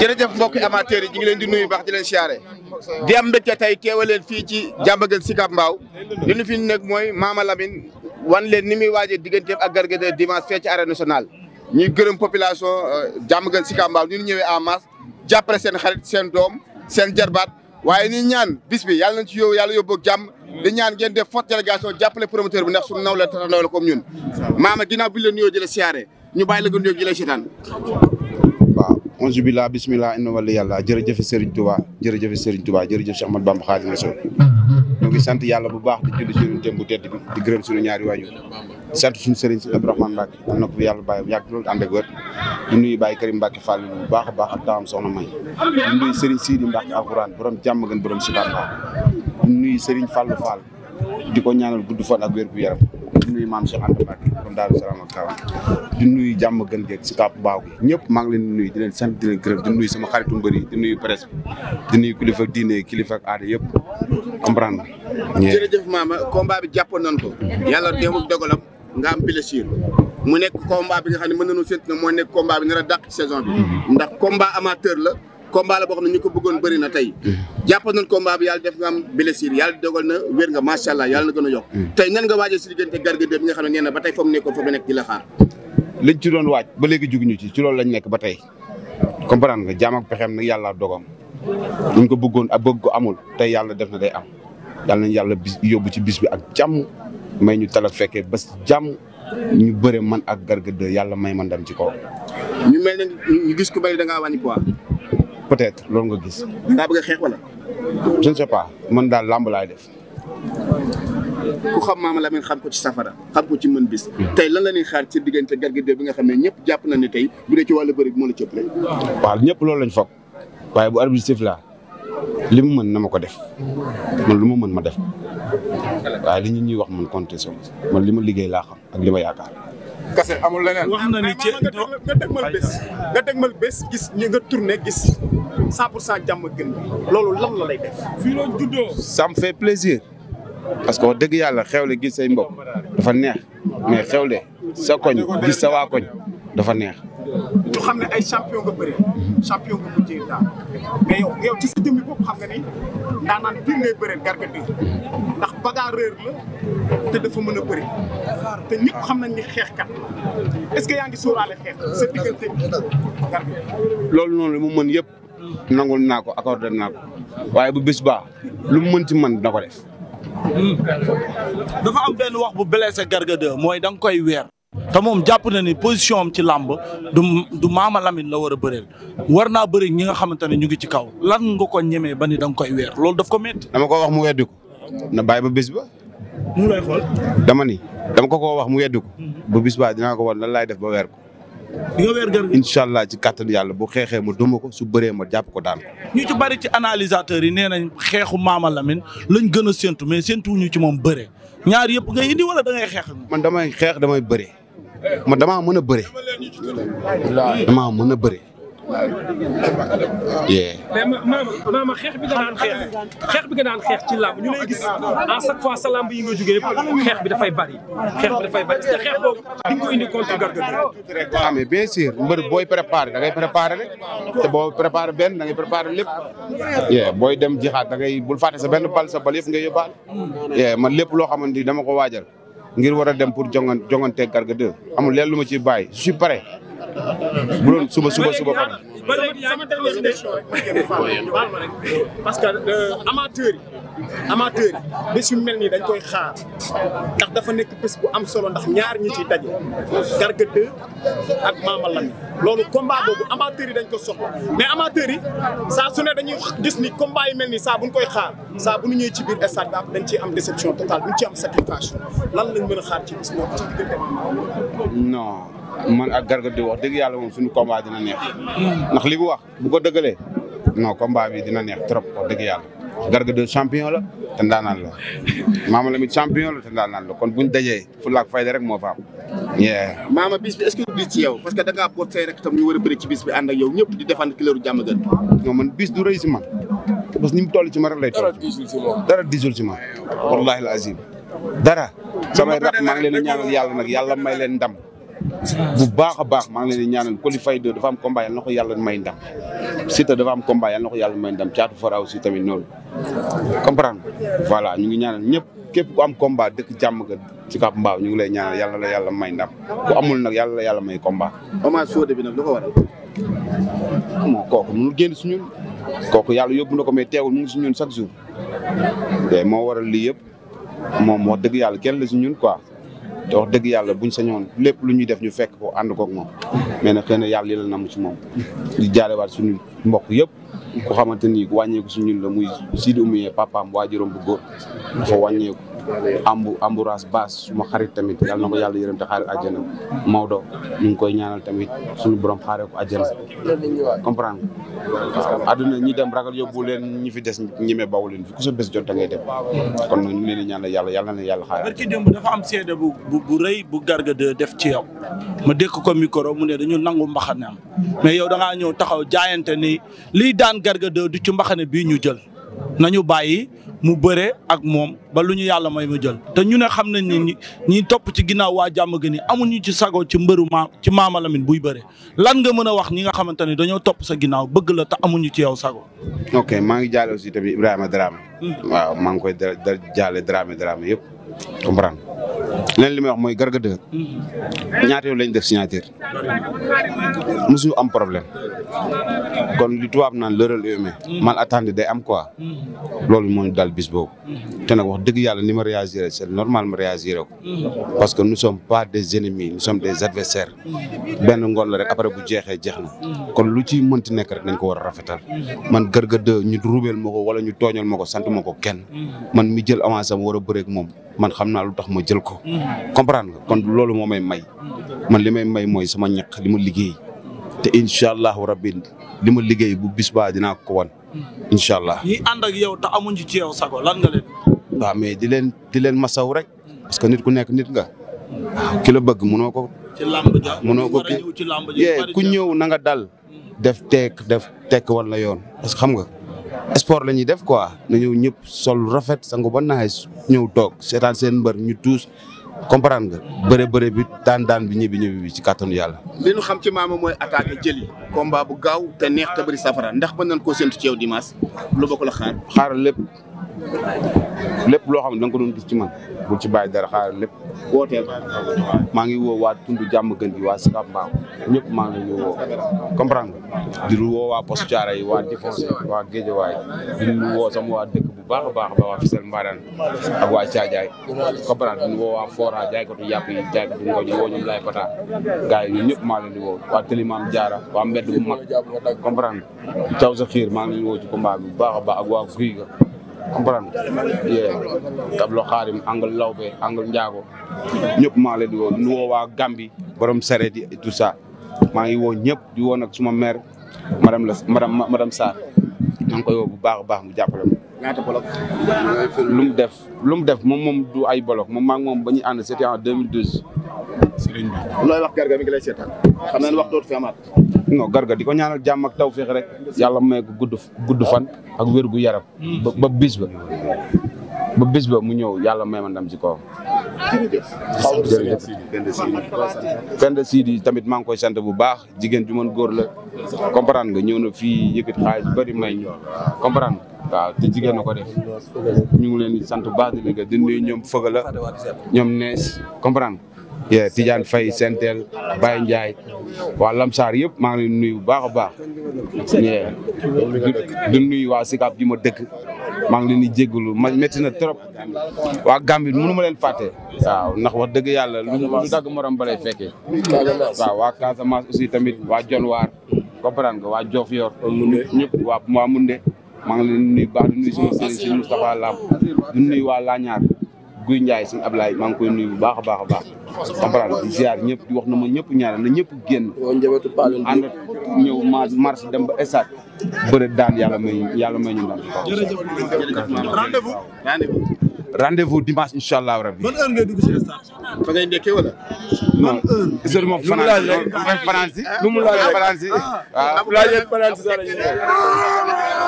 jërëjëf mbokk amateurs yi ñu ngi leen di nuyu baax di leen siyaare di am mbégte tey teewal leen fii ci jàmbagal Sicap Mbao li ñu fi nekk mooy Mama Lamine wan leen ni muy waajee digganteem ak Garga de dimanche fee ci arène nationale ñuy gërëm population euh, jàmbagal Sicap Mbao ñu ñëwee en masse jàppale seen xarit seen doom seen jarbaat waaye ni ñaan bis bi yàlla nañ ci yow yàlla yóbbu ak jàmm di ñaan ngeen def forte délégation jàppale promoteur bi ndax suñu naw la tata naw la comme ñun maama ginnaaw bi la nuyoo di la siyaare ñu bàyyi la nga nuyoo onze billah bismillah inna wali yàlla jërëjëf Serigne Touba jërëjëf Serigne Touba jërëjëf Cheikh Ahmadou Bamba Khadim Rassoul mm-hmm. ñu ngi sant yàlla bu baax di julli suñu bu tedd bi di gërëm suñu ñaari waajur sant suñu Serigne Sidi Abdourahmane Mbacke am na ko yalla yàlla bàyyi yàgg loolu ànd ak wér di nuyu Baye Karim Mbacke Fall bu baax a baax ak taam soxna May di nuyu Serigne Sidi Mbacke Alxuraan borom jàmm gën borom sibaat baax di nuyu Serigne Fallou Fall di ko ñaanal gudd fan ak wér gu di nuyu maam Cheikh Anta Mbacke kon Daaru Salaam ak gën si kàpp baaw gi ñëpp maa ngi leen di di leen sant di leen gërëm di sama xaritu mbër yi di nuyu presse bi di diine kilifa ak aada yëpp comprendre nga. jërëjëf maama combat bi jàppoon nañ ko. yàlla dem ak dogalam nga am blessure mu nekk combat bi nga xam ne na nañu séntu na moo nekk combat bi nar a bi. Mm-hmm. ndax combat amateur la. combat la boo xam ne ñu ko bëggoon bëri na tey mm. jàpp nañ combat bi yàlla def nga am blessure yàlla dogal na wér nga macha allah yàlla na gën a yokk mm. tey nan nga waajee si diggante Garga 2 bi nga xam ne ba tey fa mu nekkoon fa mu nekk la xaar liñ ci doon waaj ba léegi juguñu ci ci loolu lañ nekk ba tey comprendre nga ko bëggoon a bëgg ko amul tey yàlla def na day am yàlla nañ yàlla bis yóbbu ci bis bi ak jàmm may ñu talak fekkee bés jàmm ñu bëre man ak Garga 2 yàlla may man dem ci kaw ñu mel ne ñu gis ku mel da peut-être loolu nga gis. daa bëgg a xeex wala. je ne pas man daal làmb laay def. ku xam Mama Lamine xam ko ci safara xam ko ci mën bis. tey lan la ñuy xaar ci diggante Garga 2 bi nga xam ne ñëpp jàpp na ne tey bu dee ci wàllu bëri bi moo la cëppale. waaw ñëpp loolu lañ foog waaye bu arbitre siffle laa li mu mën na ma ko def man lu ma mën ma def waaye li ñu ñuy wax man compté man li ma liggéey laa xam ak li ma yaakaar. kase amul leneen. wax na ni ci nga dëgmal bés. nga dëgmal bés gis ñi nga tourné gis 100 pour cent jàmm gën loolu lan la lay def. fii fait plaisir. parce que wax dëgg yàlla xewle gis say mbokk dafa neex mais xewle sa koñ gis sa waa koñ dafa neex. ñu xam ne ay champion nga bëri champion nga mujjee daal mais yow yow ci sa jëmmi bopp xam nga ni. daanaan biir ngay bëreel Garga ndax bagarreur la te dafa mën a bëri te ñëpp xam nañ ni xeexkat est-ce que yaa ngi sóoraale xeex sa noonu li mu mën yëpp nangu naa ko accordé naa waaye bu bis baa lu mu mën ci mën dina ko hmm. dafa am benn wax bu blessé Garga 2 mooy da nga koy weer te moom jàpp na ni position am ci làmb du du Maama lamin la war a bëreel war naa bëri ñi nga xamante ne ñu ngi ci kaw lan nga ko ñemee ba ni danga koy weer loolu daf ko métti. dama ko wax mu weddi ko na bàyyi ba bés ba. mu lay xool. dama ni dama ko ko wax mu weddi mhm. ba bis ba dinaa ko war lan laay def ba weer ko. di weer gerte incha allah ci kàttan yàlla bu xeexee ma duma ko su bëree ma jàpp ko daan ko. ñu bari ci analysateurs yi nee nañ xeexu a Lamine lañ gën a séntu mais séntuwuñu ci moom bëre ñaar yëpp ngay indi wala da ngay xeex. man damay xeex damay bëre ma damaa mën a bëre. damaa mën a bëre. mais maama xeex xeex bi nga daan xeex ci làmb ñu lay gis à chaque fois sa làmb yi nga jógee bari xeex bi dafay bari te xeex boobu di nga ko indi contre Garga ah, booy préparé da ngay préparé rek te boo benn da ngay préparé lépp booy dem jixaat da ngay bul fàtte sa benn bal sa bal yëpp ngay yóbbaale man lépp loo xamante ni dama ko waajal ngir war a dem pour jongan jongante Garga 2 amul lu ma ciy bàyyi si suis prêt suba suba suba pare. amateur yi mel nii dañ koy xaar ndax dafa nekk bés bu am solo ndax ñaar ñi ciy daje Garga 2 ak Mama Lamine loolu combat boobu amateur yi dañ ko soxla mais amateur yi saa su ne dañuy gis ni combat yi mel nii saa bu koy xaar saa bu ñu ñëwee ci biir stade daal dañ ciy am déception totale duñ ci am satisfaction lan lañ mën a xaar ci bés boobu ci diggante non man ak Garga 2 wax dëgg yàlla dina neex ndax li mu wax bu ko dëggalee no combat bi dina neex trop wax dëgg yàlla Garga de champion la te ndaanaan la Mama Lamine champion la te kon buñ dajee fulla ak fayda rek moo fa am. maama bis bi est-ce que bis ci yow parce que da ngaa boot rek tam ñu war ci bis bi ànd ak yow ñëpp di défendre kileeru jàmm gën. non bis du rëy si parce que ni mu toll ci ma rek lay toll. dara diisul si moom si ma. wallaahi azim dara. samay rab maa ngi leen di yàlla nag yàlla may leen ndam. bu baax a baax maa ngi leen ñaanal Coly Faye 2 dafa am combat yàlla na ko yàlla may ndam Siteu dafa am combat yàlla na ko yàlla may ndam caatu fara aussi tamit noonu comprendre voilà ñu ngi ñaanal ñëpp képp ku am combat dëkk jàmm ga ci Cap Mbaaw ñu ngi lay ñaanal yàlla la yàlla may ndam ku amul nag yàlla la yàlla may combat hommage Sodé bi nag lu ko waral moo kooku mënul génn si ñun kooku yàlla yóbbu na ko mais teewul mu ngi si ñun chaque jour moo waral lii yëpp moom moo dëgg yàlla kenn la si ñun quoi te wax dëgg yàlla buñ sañoon lépp lu ñuy def ñu fekk ko ànd kook moom mais nag xëy na yàlla li la namm ci moom di jaalewaat suñu mbokk yëpp ku xamante ni wàññeeku si ñun la muy Sidi Oumy papaam waajuram bu góor ko wàññeeku ambu ambourage baas suma xarit tamit yàlla na ko yàlla yërëm te xaare ko àjjana Maodo ñu ngi koy ñaanal tamit suñu borom xaare ko àjjana comprendre àdduna ñi dem ragal yóbbu leen ñi fi des ñime baw leen fi ku sa bés jot ngay dem kon ñu ngi di ñaanal yàlla yàlla na yàlla xaare barki dafa am seede bu bu rëy bu garga de def ci yow ma dékk ko micro mu ne dañu nangu mbaxane mais yow da ñëw taxaw jaayante ni lii daan Garga du ci mbaxane bii ñu jël nañu bàyyi mu bëree ak moom ba lu ñu yàlla may mu jël te ñu ne xam nañ ni ñi topp ci ginnaaw waa jàmm gën yi amuñu ci sago ci mbëru maam ci Mama Lamine buy bëre lan nga mën a wax ñi nga xamante ni dañoo topp sa ginnaaw bëgg la te amuñu ci yow sago. ok maa ngi jaale aussi tamit Ibrahima Dramé. Hmm. waaw maa ngi koy da jaale Dramé Dramé yëpp comprendre leen li may wax mooy Garga 2. Hmm. lañ def signature. mosu am problème. kon li tubaab naan l'erreur humaine mm. mal attendre day am quoi mm. loolu moom daal dal boobu mm. te nag wax dëgg yàlla ni ma réagir c'est normal ma ko parce que nous sommes pas des ennemis nous sommes des adversaires benn ngoon la rek après bu jeexee jeex na kon lu ci mënti nekk rek nañ ko war a rafetal man Garga 2 ñu rubeel ma ko wala ñu tooñal ma ko sant ma ko kenn man mi jël avance am war a bëreeg moom man xam naa lu tax ma jël ko comprendre kon loolu moo may may man li may may mooy sama ñaq li ma liggéey te incha allahu rabbi li ma liggéey bu bis baa dinaa ko wan incha allah. ñi ànd ak yow ci yow sago lan nga leen. waaw mais di leen di leen masaw rek. parce que nit ku nekk nit nga. kilo bëgg mënoo ko. ci làmb ja mënoo ku ñëw na nga dal. Hmm. def tekk def tekk wala yoon parce que xam nga. sport la ñuy def quoi na ñëw ñëpp sol rafet sangu ba naay ñëw toog seetaan seen mbër ñu tuus comprendre nga bëre bëre bi daan daan bi ñibbi ñibbi bi ci kàttanu yàlla. li ñu xam ci maama mooy attaqué jëli. combat bu gaaw te neex te bëri safara ndax mën nañ koo séntu ci yow dimanche lu bokk la xaar. xaaral lépp lépp loo xam ne da ko doon gis ci man bu ci bàyyi dara xaar lépp. wooteel maa ngi woo waa tund jàmm gën gi waa Sicap Mbao ñëpp maa ngi leen woo comprendre nga. di woo waa Poste Thiaroye yi waa Défense waa Guédiawaye di woo sama waa dëkk baax a baax ba waa Fissel Mbarane ak waa Thiadiaye comprendre ñu woo waa Fora jaaykatu yàpp yi jaaykatu ngooñ yi woo ñoom laay pata gars yi ñun ñëpp maa leen di woo waa Télimam Diarra waa mbedd bu mag comprendre caw sa maa ngi leen di woo ci combat bu baax a baax waa guy ga comprendre yee tablo xaarim angle lawbe angle njaago ñëpp maa leen di woo ñu woo Gambi borom sareet yi tout maa ngi woo ñëpp di woo nag suma mère madame la madame madame Sarr ngi koy woo bu baax a baax mu jàppale ma ñaata bolok. lu mu def lu mu def moom moom du ay bolok moom maa ngi moom ba ñuy ànd c'était en 2012. sëriñ bi looy wax Garga mi ngi lay seetaan xam naa wax dootu fi di ko ñaanal jàmm ak tawfeex rek. yàlla may ko gudd gudd fan ak wér gu yaram. ba ba bis ba. mu ñëw yàlla may ma ndam ci kawam. jërëjëf jërëjëf Penda Sidi tamit maa ngi koy sant bu baax jigéen ju mën góor la comprendre nga ñëw na fii yëkkati xaalis bari may ñu waaw te jigéen na ko def ñu ngi leen di sant bu baax di leen di nuyu ñoom Fëgala ñoom nees comprendre nga. Tidiane Faye Sentel Baye Ndiaye waa Lamsaar yëpp maa ngi leen nuyu bu baax a baax. di waa Sicap ji ma dëkk maa ngi leen di jégalu ma métti na trop waa Gambie mënu ma leen fàtte. waaw ndax wax dëgg yàlla lu lu dagg morom ba lay fekkee. waaw waa Casamance aussi tamit waa Dionewar comprendre nga waa Diofior. ñëpp waa waa maa ngi leen di nuyu baax di nuyu sama sëriñ si Moustapha Lam di nuyu waa Laañaar Guy Ndiaye sëñ Ablaye maa ngi koy nuyu bu baax a baax a baax. comprendre di ziar ñëpp di wax na ma ñëpp ñaanal na ñëpp génn. ànd ñëw ma marche dem ba stade bëre daan yàlla may yàlla may ñu daan. rendez-vous. rendez-vous dimanche incha allah rabbi. ban heure ngay dugg si stade. fa ngay ndekkee wala. non heure moom fanaan si. lu mu laaj rek fanaan si. waaw laajee fanaan si